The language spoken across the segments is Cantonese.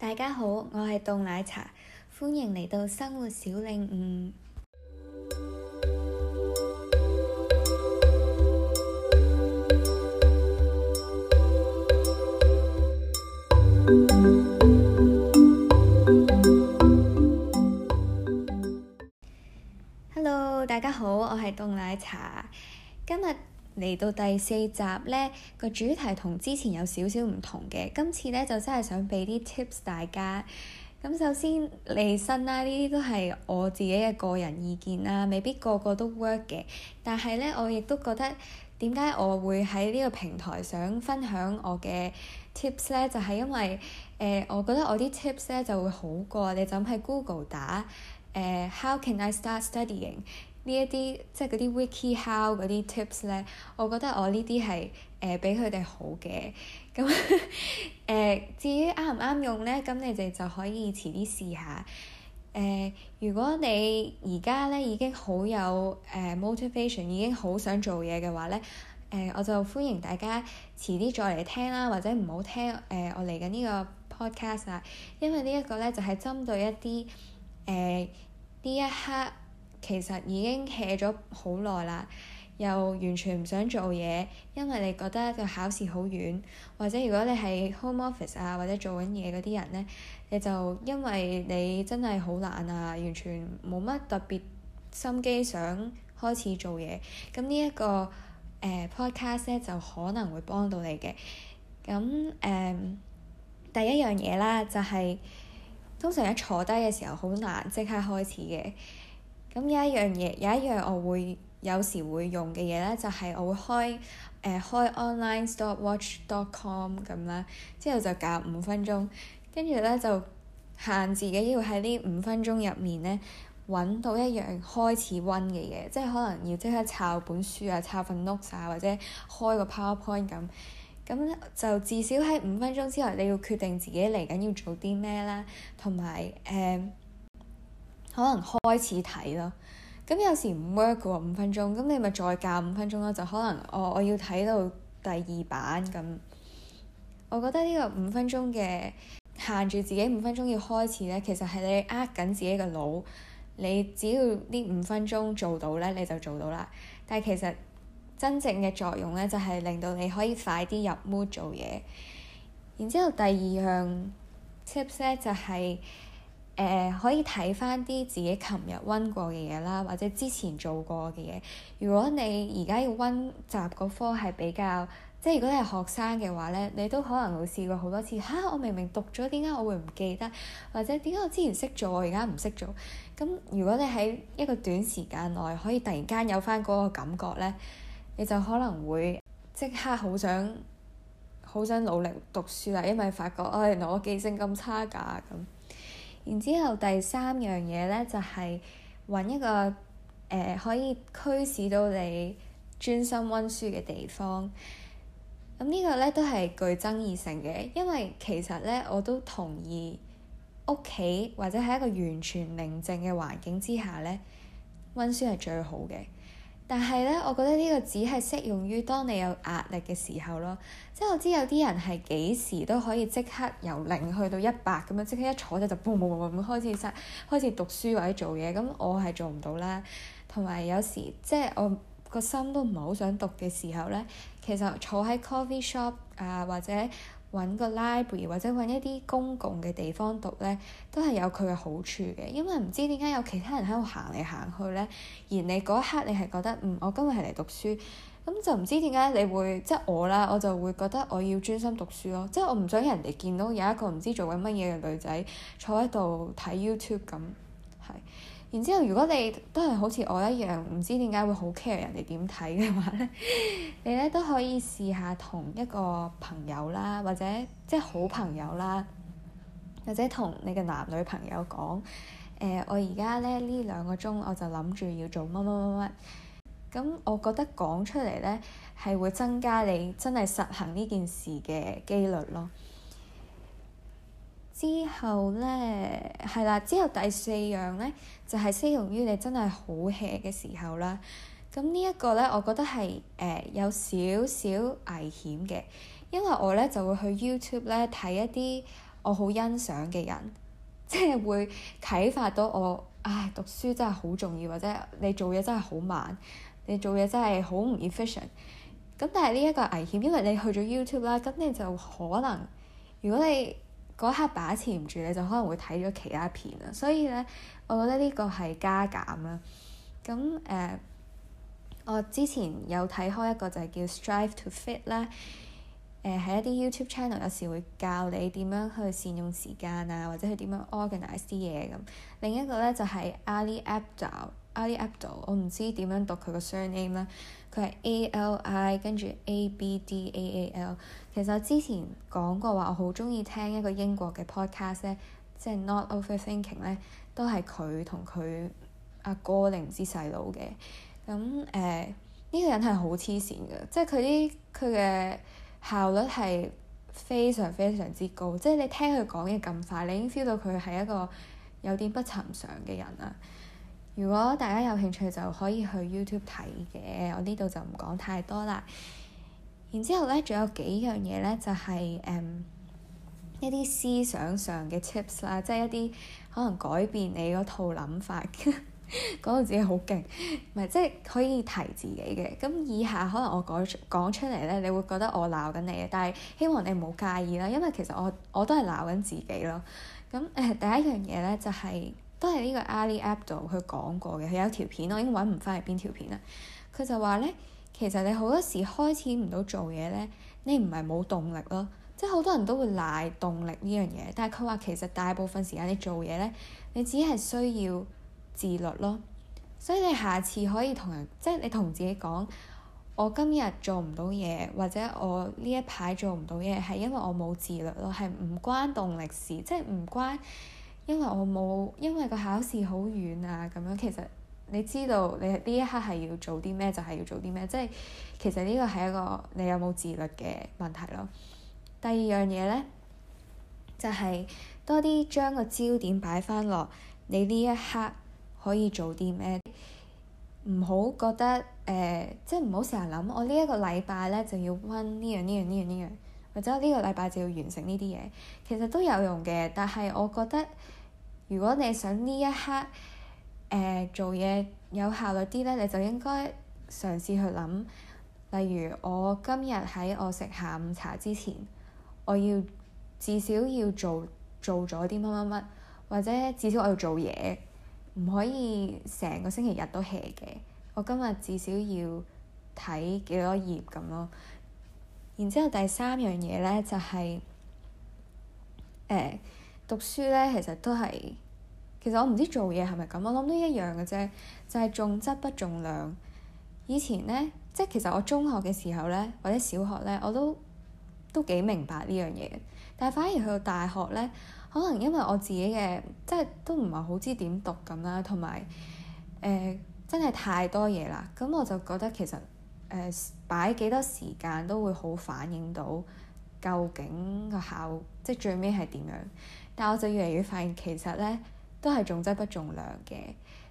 大家好，我係凍奶茶，歡迎嚟到生活小領悟。Hello，大家好，我係凍奶茶，今日。嚟到第四集呢，個主題同之前有少少唔同嘅。今次呢，就真係想俾啲 tips 大家 tips。咁首先，利申啦，呢啲都係我自己嘅個人意見啦，未必個個都 work 嘅。但係呢，我亦都覺得點解我會喺呢個平台想分享我嘅 tips 咧？就係、是、因為誒、呃，我覺得我啲 tips 咧就會好過你就喺 Google 打、呃、How can I start studying？呢一啲即係嗰啲 wikihow 嗰啲 tips 咧，我覺得我、呃呵呵呃、合合呢啲係誒比佢哋好嘅。咁誒至於啱唔啱用咧，咁你哋就可以遲啲試下。誒、呃、如果你而家咧已經好有誒、呃、motivation，已經好想做嘢嘅話咧，誒、呃、我就歡迎大家遲啲再嚟聽啦，或者唔好聽誒、呃、我嚟緊呢個 podcast，因為呢一個咧就係、是、針對一啲誒呢一刻。其實已經 hea 咗好耐啦，又完全唔想做嘢，因為你覺得個考試好遠，或者如果你係 home office 啊，或者做緊嘢嗰啲人呢，你就因為你真係好懶啊，完全冇乜特別心機想開始做嘢。咁、這個呃、呢一個誒 podcast 咧，就可能會幫到你嘅。咁誒、呃，第一樣嘢啦，就係、是、通常一坐低嘅時候，好難即刻開始嘅。咁有一樣嘢，有一樣我會有時會用嘅嘢咧，就係、是、我會開誒、呃、開 onlinestopwatch.com 咁啦，之後就計五分鐘，跟住咧就限自己要喺呢五分鐘入面咧揾到一樣開始溫嘅嘢，即係可能要即刻抄本書啊、抄份 notes 啊，或者開個 PowerPoint 咁，咁就至少喺五分鐘之內你要決定自己嚟緊要做啲咩啦，同埋誒。嗯可能開始睇咯，咁有時唔 work 嘅喎，五分鐘，咁你咪再教五分鐘咯，就可能我、哦、我要睇到第二版咁。我覺得呢個五分鐘嘅限住自己五分鐘要開始呢，其實係你呃緊自己嘅腦，你只要呢五分鐘做到呢，你就做到啦。但係其實真正嘅作用呢，就係令到你可以快啲入 mood 做嘢。然之後第二樣 tips 咧，就係、是。誒、呃、可以睇翻啲自己琴日温過嘅嘢啦，或者之前做過嘅嘢。如果你而家要温習嗰科係比較，即係如果你係學生嘅話呢，你都可能會試過好多次吓，我明明讀咗，點解我會唔記得？或者點解我之前識做，我而家唔識做？咁如果你喺一個短時間內可以突然間有翻嗰個感覺呢，你就可能會即刻好想好想努力讀書啦，因為發覺啊、哎，原來我記性咁差㗎咁。然之後第三樣嘢咧，就係、是、揾一個誒、呃、可以驅使到你專心温書嘅地方。咁、這個、呢個咧都係具爭議性嘅，因為其實咧我都同意屋企或者喺一個完全寧靜嘅環境之下咧，温書係最好嘅。但係咧，我覺得呢個只係適用於當你有壓力嘅時候咯。即係我知有啲人係幾時都可以即刻由零去到一百咁樣，即刻一坐咗就 boom boom boom boom 開始塞開始讀書或者做嘢。咁我係做唔到啦。同埋有時即係我個心都唔係好想讀嘅時候咧，其實坐喺 coffee shop 啊或者，揾個 library 或者揾一啲公共嘅地方讀呢，都係有佢嘅好處嘅，因為唔知點解有其他人喺度行嚟行去呢。而你嗰一刻你係覺得，嗯，我今日係嚟讀書，咁就唔知點解你會，即係我啦，我就會覺得我要專心讀書咯，哦，即係我唔想人哋見到有一個唔知做緊乜嘢嘅女仔坐喺度睇 YouTube 咁，係。然之後，如果你都係好似我一樣，唔知點解會好 care 人哋點睇嘅話咧，你咧都可以試下同一個朋友啦，或者即係好朋友啦，或者同你嘅男女朋友講，誒、呃，我而家咧呢兩個鐘我就諗住要做乜乜乜乜，咁我覺得講出嚟咧係會增加你真係實行呢件事嘅機率咯。之後咧，係啦。之後第四樣咧，就係適用於你真係好 hea 嘅時候啦。咁呢一個咧，我覺得係誒、呃、有少少危險嘅，因為我咧就會去 YouTube 咧睇一啲我好欣賞嘅人，即係會啟發到我。唉，讀書真係好重要，或者你做嘢真係好慢，你做嘢真係好唔 efficient。咁但係呢一個危險，因為你去咗 YouTube 啦，咁你就可能如果你。嗰刻把持唔住，你就可能會睇咗其他片啊，所以咧，我覺得呢個係加減啦。咁誒、呃，我之前有睇開一個就係叫 Strive to Fit 啦、呃，誒喺一啲 YouTube channel 有時會教你點樣去善用時間啊，或者去點樣 organize 啲嘢咁。另一個咧就係、是、Ali App 就。Ali Abdaal，我唔知點樣讀佢個 surname 咧。佢係 A L I 跟住 A B D A A L。其實我之前講過話，我好中意聽一個英國嘅 podcast，即係 Not Overthinking 咧，都係佢同佢阿哥定唔知細佬嘅。咁誒，呢個人係好黐線㗎，即係佢啲佢嘅效率係非常非常之高，即係你聽佢講嘢咁快，你已經 feel 到佢係一個有啲不尋常嘅人啦。如果大家有興趣就可以去 YouTube 睇嘅，我呢度就唔講太多啦。然之後呢，仲有幾樣嘢呢，就係、是、誒、嗯、一啲思想上嘅 tips 啦，即係一啲可能改變你嗰套諗法， 講到自己好勁，唔係即係可以提自己嘅。咁以下可能我講講出嚟呢，你會覺得我鬧緊你嘅，但係希望你唔好介意啦，因為其實我我都係鬧緊自己咯。咁誒、呃，第一樣嘢呢，就係、是。都係呢個 Ali App 度佢講過嘅，佢有條片，我已經揾唔翻係邊條片啦。佢就話呢，其實你好多時開始唔到做嘢呢，你唔係冇動力咯，即係好多人都會賴動力呢樣嘢。但係佢話其實大部分時間你做嘢呢，你只係需要自律咯。所以你下次可以同人即係你同自己講，我今日做唔到嘢，或者我呢一排做唔到嘢係因為我冇自律咯，係唔關動力事，即係唔關。因為我冇，因為個考試好遠啊，咁樣其實你知道你呢一刻係要做啲咩，就係、是、要做啲咩，即係其實呢個係一個你有冇自律嘅問題咯。第二樣嘢呢，就係、是、多啲將個焦點擺翻落你呢一刻可以做啲咩，唔好覺得誒、呃，即係唔好成日諗我呢一個禮拜呢，就要溫呢樣呢樣呢樣呢樣，或者我呢個禮拜就要完成呢啲嘢，其實都有用嘅，但係我覺得。如果你想呢一刻、呃、做嘢有效率啲呢，你就應該嘗試去諗，例如我今日喺我食下午茶之前，我要至少要做做咗啲乜乜乜，或者至少我要做嘢，唔可以成個星期日都 hea 嘅。我今日至少要睇幾多頁咁咯。然之後第三樣嘢呢，就係、是呃讀書咧，其實都係，其實我唔知做嘢係咪咁，我諗都一樣嘅啫，就係重質不重量。以前呢，即係其實我中學嘅時候呢，或者小學呢，我都都幾明白呢樣嘢。但係反而去到大學呢，可能因為我自己嘅，即係都唔係好知點讀咁啦，同埋誒真係太多嘢啦。咁我就覺得其實誒擺幾多時間都會好反映到究竟個效，即係最尾係點樣。但我就越嚟越發現，其實咧都係重質不重量嘅，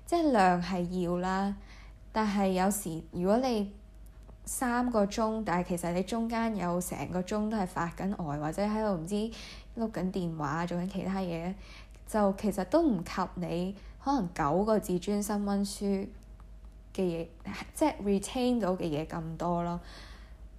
即係量係要啦，但係有時如果你三個鐘，但係其實你中間有成個鐘都係發緊呆，或者喺度唔知碌緊電話做緊其他嘢，就其實都唔及你可能九個字專心温書嘅嘢，即係 retain 到嘅嘢咁多咯。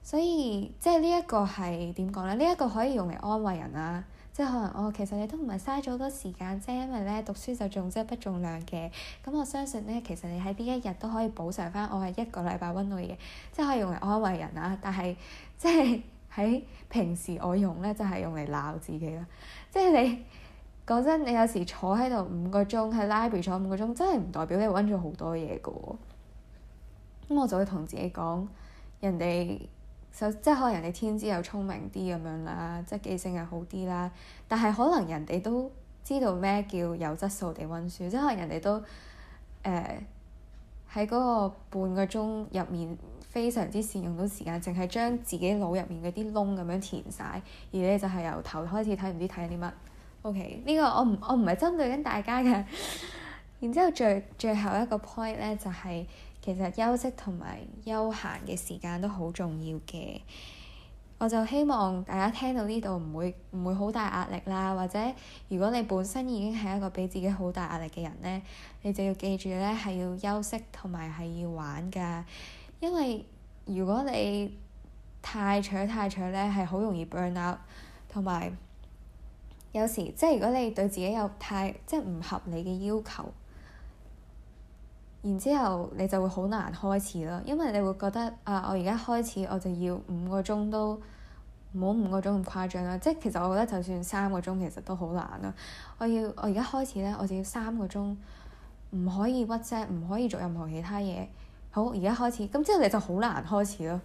所以即係呢一個係點講咧？呢、這、一個可以用嚟安慰人啊！即係可能我、哦、其實你都唔係嘥咗好多時間，即係因為咧讀書就重質不重量嘅。咁我相信咧，其實你喺呢一日都可以補償翻我係一個禮拜温到嘅嘢，即係可以用嚟安慰人啊！但係即係喺平時我用咧就係、是、用嚟鬧自己啦。即係你講真，你有時坐喺度五個鐘喺 library 坐五個鐘，真係唔代表你温咗好多嘢嘅、哦。咁我就會同自己講，人哋。就即係可能人哋天資又聰明啲咁樣啦，即係記性又好啲啦。但係可能人哋都知道咩叫有質素地温書，即係可能人哋都誒喺嗰個半個鐘入面非常之善用到時間，淨係將自己腦入面嗰啲窿咁樣填晒。而你就係由頭開始睇，唔知睇緊啲乜。OK，呢個我唔我唔係針對緊大家嘅。然之後最最後一個 point 咧就係、是。其實休息同埋休閒嘅時間都好重要嘅，我就希望大家聽到呢度唔會唔會好大壓力啦。或者如果你本身已經係一個俾自己好大壓力嘅人呢，你就要記住呢係要休息同埋係要玩㗎。因為如果你太搶太搶呢，係好容易 burn out，同埋有，有時即係如果你對自己有太即係唔合理嘅要求。然之後你就會好難開始咯，因為你會覺得啊，我而家開始，我就要五個鐘，都唔好五個鐘咁誇張啦，即係其實我覺得就算三個鐘其實都好難啦。我要我而家開始咧，我就要三個鐘，唔可以屈，即，唔可以做任何其他嘢。好，而家開始，咁之後你就好難開始咯。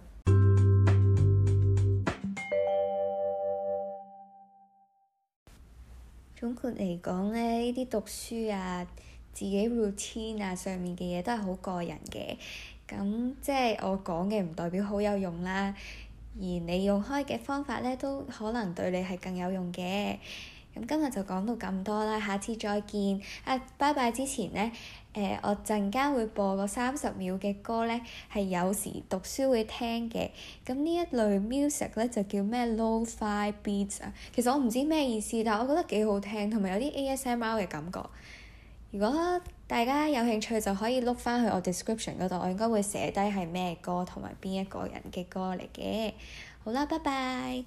總括嚟講咧，呢啲讀書啊～自己 routine 啊，上面嘅嘢都係好個人嘅，咁即係我講嘅唔代表好有用啦。而你用開嘅方法咧，都可能對你係更有用嘅。咁今日就講到咁多啦，下次再見啊！拜拜之前呢，誒、呃，我陣間會播個三十秒嘅歌咧，係有時讀書會聽嘅。咁呢一類 music 咧就叫咩 lo-fi beats 啊。Beat? 其實我唔知咩意思，但係我覺得幾好聽，同埋有啲 ASMR 嘅感覺。如果大家有興趣就可以碌返去我 description 嗰度，我應該會寫低係咩歌同埋邊一個人嘅歌嚟嘅。好啦，拜拜。